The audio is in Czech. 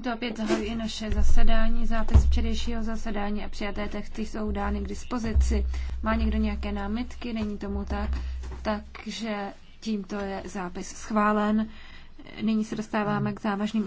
Opět oběd zahajuji naše zasedání, zápis včerejšího zasedání a přijaté texty jsou dány k dispozici. Má někdo nějaké námitky? Není tomu tak, takže tímto je zápis schválen. Nyní se dostáváme k závažným